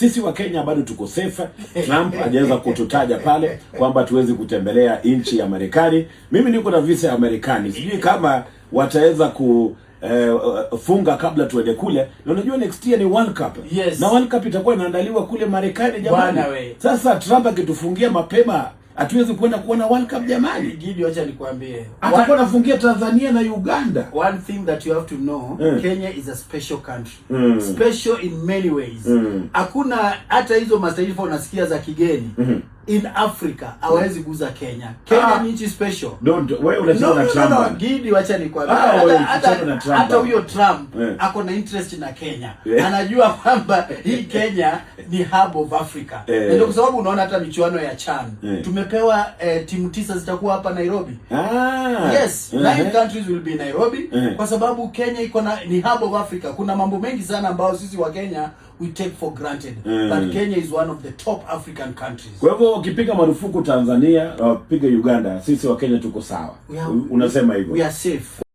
Sisi wa Kenya bado tuko safe. Trump hajaweza kututaja pale kwamba tuwezi kutembelea nchi ya Marekani. Mimi niko na visa ya Marekani, sijui kama wataweza ku eh, funga kabla tuende kule, na unajua next year ni World Cup. Yes. na World Cup itakuwa inaandaliwa kule Marekani jamani. Sasa Trump akitufungia mapema hatuwezi kwenda kuona World Cup jamani. Gidi, acha nikwambie, atakuwa anafungia Tanzania na Uganda. One thing that you have to know mm. Kenya is a special country mm. special in many ways. Hmm. Hakuna mm. hata hizo mataifa unasikia za kigeni mm -hmm in Africa hawezi guza Kenya. Kenya ah. ni nchi special. No, wewe unacheza ah, na Trump. No, Gidi wacha Trump. Hata huyo Trump eh. ako na interest na Kenya. Eh. Anajua kwamba hii eh. Kenya ni hub of Africa. Na ndio kwa sababu unaona hata michuano ya CHAN tumepewa timu tisa zitakuwa hapa Nairobi. Ah. Yes, uh -huh. countries will be Nairobi uh mm-hmm. -huh. kwa sababu Kenya iko na ni hub of Africa. Kuna mambo mengi sana ambayo sisi wa Kenya we take for granted uh mm-hmm. -huh. but Kenya is one of the top African countries. Kwa hivyo ukipiga marufuku Tanzania, uh, piga Uganda, sisi wa Kenya tuko sawa. Unasema hivyo. We are safe.